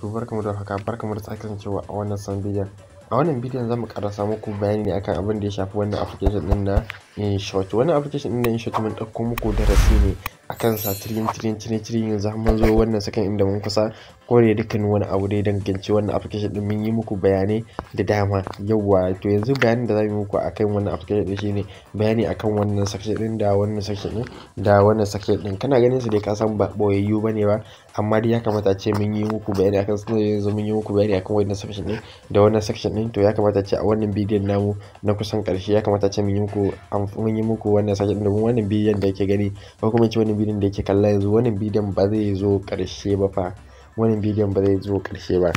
To barkamu da haka barkamu da sake a wannan san bidiyon. A wannan bidiyon zamu karasa muku bayani ne akan abin da ya shafi wannan application din na InShot. Wannan application din na InShot mun dauko muku darasi ne akan sa tiriyan tiriyan tiriyan tiriyan yanzu har mun zo wannan sakan inda mun kusa kore dukkan wani abu da ya danganci wannan application din mun yi muku bayanai da dama yawwa to yanzu bayanin da zamu yi muku akan wannan application din shine bayani akan wannan section din da wannan section din da wannan section din kana ganin su dai ka san ba boyayyu bane ba amma dai ya kamata ce mun yi muku bayani akan su yanzu mun yi muku bayani akan wannan section din da wannan section din to ya kamata ce a wannan bidiyon namu na kusan karshe ya kamata ce mun yi muku mun yi muku wannan section din domin wannan bidiyon da yake gani ko kuma ce wannan bidiyon da yake kalla yanzu wannan bidiyon ba zai zo karshe ba fa wani bidiyon ba zai zo ƙarshe ba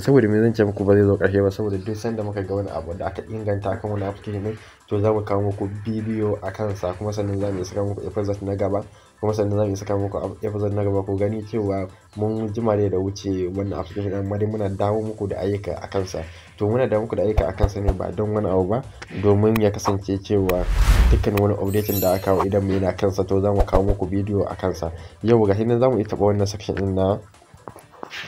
saboda me zan ce muku ba zai zo ƙarshe ba saboda duk sanda muka ga wani abu da aka inganta akan wani application ne to za mu kawo muku bidiyo a kansa kuma sannan za mu saka muku episode na gaba kuma sannan za mu saka muku episode na gaba ku gani cewa mun jima da wuce wannan application amma dai muna dawo muku da ayyuka a kansa to muna dawo muku da ayyuka a kansa ne ba don wani abu ba domin ya kasance cewa dukkan wani updating da aka kawo idan mu yana kansa to za mu kawo muku bidiyo a kansa yau ga nan za mu iya taɓa wannan section din na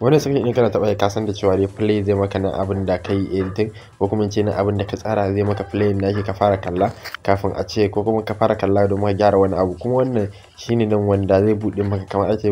wani sakin in kana taɓa ka san da cewa dai play zai maka nan abin da ka yi editing ko kuma ce nan abin da ka tsara zai maka play na ka fara kalla kafin a ce ko kuma ka fara kalla domin ka gyara wani abu kuma wannan shine nan wanda zai buɗe maka kamar ake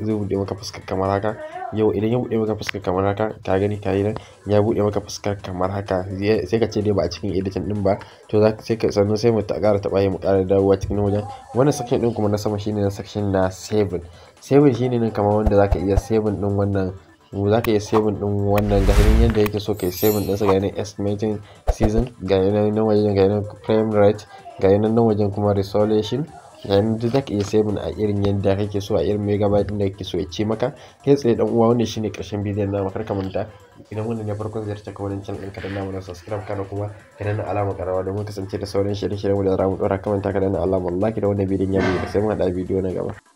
zai buɗe maka fuskar kamar haka yau idan ya buɗe maka fuskar kamar haka ka gani ka yi nan ya buɗe maka fuskar kamar haka sai ka ce dai ba a cikin editing din ba to za sai ka sannan sai mu ta ƙara taɓa yi mu ƙara dawowa cikin wajen wannan sakin din kuma na sama shine na section na 7 7 shine nan kamar wanda zaka iya 7 din wannan za ka iya saving din wannan ga hannun yadda yake so ka yi saving ɗinsa ga yanayin estimating season ga yanayin nan wajen ga yanayin frame rate ga yanayin nan wajen kuma resolution ga yanayin duk za ka iya saving a irin yadda kake so a irin megabyte ɗin da kake so ya ce maka kai tsaye dan uwa wannan shine karshen bidiyon na kar ka manta idan wannan ne farkon ziyarta ka wajen channel ɗinka da namu na subscribe kana kuma ka danna alama karawa domin kasance da sauran shirye shirin mu da za mu ɗora kamanta ka danna alamar like da wannan bidiyon ya bude sai mu haɗa bidiyo na gaba.